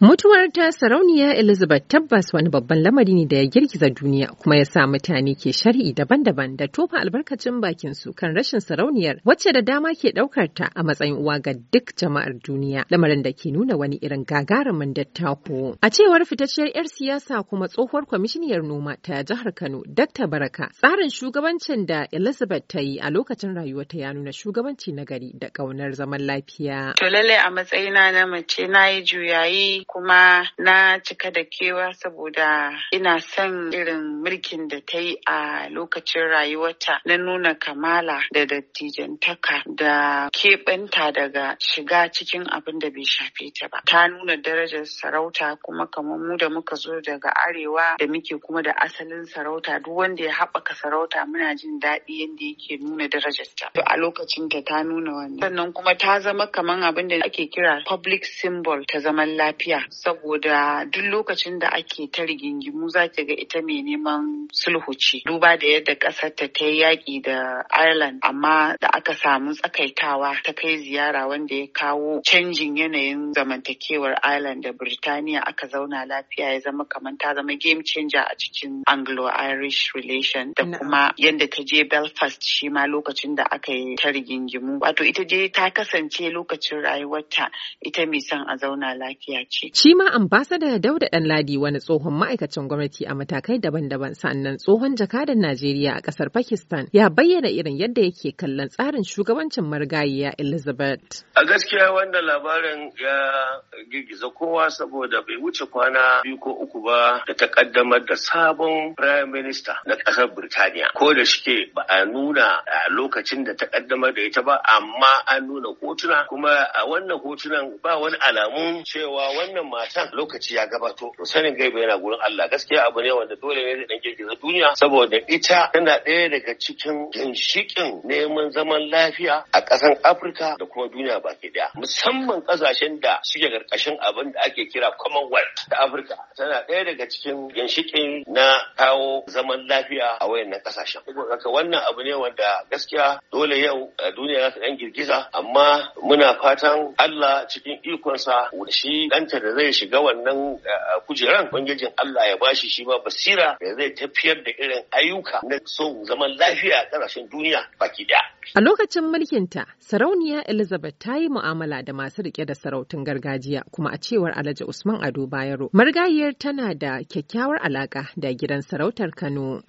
Mutuwar ta sarauniya Elizabeth tabbas wani babban lamari ne da ya girgiza duniya kuma ya sa mutane ke shari'i daban-daban da tofa albarkacin bakin su kan rashin sarauniyar wacce da dama ke daukar ta a matsayin uwa ga duk jama'ar duniya lamarin da ke nuna wani irin gagarumin dattako. A cewar fitacciyar 'yar siyasa kuma tsohuwar kwamishiniyar noma ta jihar Kano Dr. Baraka tsarin shugabancin da Elizabeth ta yi a lokacin rayuwarta ya nuna shugabanci na gari da ƙaunar zaman lafiya. To lallai a matsayina na mace na yi juyayi kuma na cika da kewa saboda ina son irin mulkin da ta yi a lokacin rayuwarta na nuna kamala da dattijantaka da keɓanta daga shiga cikin abin da bai shafe ta ba. Ta nuna darajar sarauta kuma kamar mu da muka zo daga arewa da muke kuma da asalin sarauta duk wanda ya haɓaka sarauta muna jin daɗi yadda yake nuna darajarta. To a lokacin ta ta nuna wannan. Sannan kuma ta zama kamar abin da ake kira public symbol ta zaman lafiya saboda duk lokacin da ake ta rigingimu za ki ga ita mai neman sulhu ce duba da yadda ƙasar ta ta yaƙi da Ireland amma da aka samu tsakaitawa ta kai ziyara wanda ya kawo canjin yanayin zamantakewar Ireland da Birtaniya aka zauna lafiya ya zama kamar ta zama game changer a cikin Anglo-Irish relation da kuma yadda ta je Belfast shi ma lokacin da aka yi ta rigingimu wato ita je ta kasance lokacin rayuwarta ita mai son a zauna lafiya ce Shi ma ambasada Dauda Ɗanladi wani tsohon ma'aikacin gwamnati a matakai daban-daban sannan tsohon jakadan Najeriya a ƙasar Pakistan ya bayyana irin yadda yake kallon tsarin shugabancin marigayiya Elizabeth. A gaskiya wannan labarin ya girgiza kowa saboda bai wuce kwana biyu ko uku ba da ta kaddamar da sabon Prime Minister na ƙasar Birtaniya. Ko da shike ba a nuna a lokacin da ta kaddamar da ita ba amma an nuna kotuna, kuma a wannan hotunan ba wani alamun cewa wannan wannan matan lokaci ya gabato sanin gaiba yana gurin Allah gaskiya abu ne wanda dole ne dan girgiza duniya saboda ita tana ɗaya daga cikin ginshikin neman zaman lafiya a ƙasan Afirka da kuma duniya baki daya musamman ƙasashen da suke karkashin abin da ake kira Commonwealth ta Afirka tana ɗaya daga cikin ginshikin na kawo zaman lafiya a wayannan ƙasashen saboda wannan abu ne wanda gaskiya dole yau eh, duniya za ta dan girgiza amma muna fatan Allah cikin ikonsa shi danta da da zai shiga wannan eh, kujeran bangijin Allah ya bashi shi ba basira da zai tafiyar da irin ayyuka na son zaman lafiya a ƙasashen duniya baki ɗaya. A lokacin mulkinta, sarauniya Elizabeth ta yi mu'amala da masu rike da sarautun gargajiya kuma a cewar Alhaji Usman Ado Bayero. Margayiyar tana da kyakkyawar alaka da gidan sarautar Kano.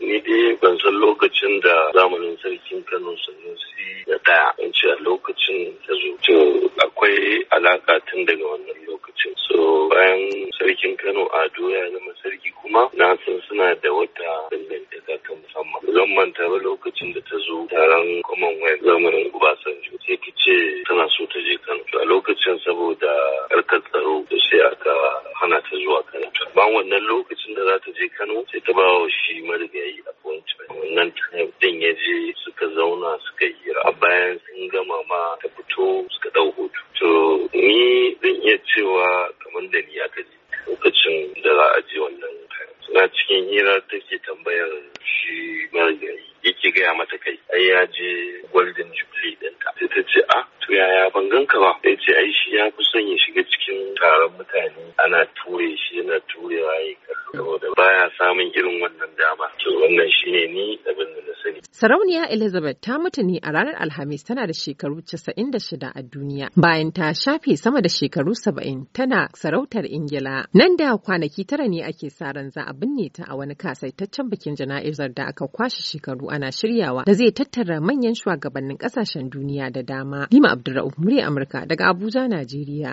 ni dai ban san lokacin da zamanin sarkin Kano Sanusi da ɗaya in ce a lokacin ta zo. akwai alaka tun daga wannan so bayan sarkin kano ado ya zama sarki kuma na san suna da wata dangantaka ta musamman zan manta ba lokacin da ta zo taron commonwealth zamanin obasanjo sai ta ce tana so ta je kano a lokacin saboda harkar tsaro sai aka hana ta zuwa kano bayan wannan lokacin da za ta je kano sai ta bawa shi marigayi a suka dau hutu to ni zan iya cewa kamar da ni ya ji lokacin da za a je wannan Suna cikin hira take tambayar shi marigayi yake gaya mata kai ai ya je golden jubilee ɗinta sai ta ce a ah, to yaya ban ganka ba sai ce ai shi ya fi ya shiga cikin taron mutane ana ture shi yana turewa ya kallo da baya samun irin wannan dama to Sarauniya Elizabeth ta mutu ne a ranar Alhamis tana da shekaru 96 a duniya bayan ta shafe sama da shekaru 70 tana sarautar Ingila. Nan da kwanaki tara ne ake sa ran za a binne ta a wani kasaitaccen bikin jana'izar da aka kwashe shekaru ana shiryawa da zai tattara manyan shugabannin kasashen duniya da dama. Lima Abdulra'uf murya Amurka daga Abuja, Najeriya.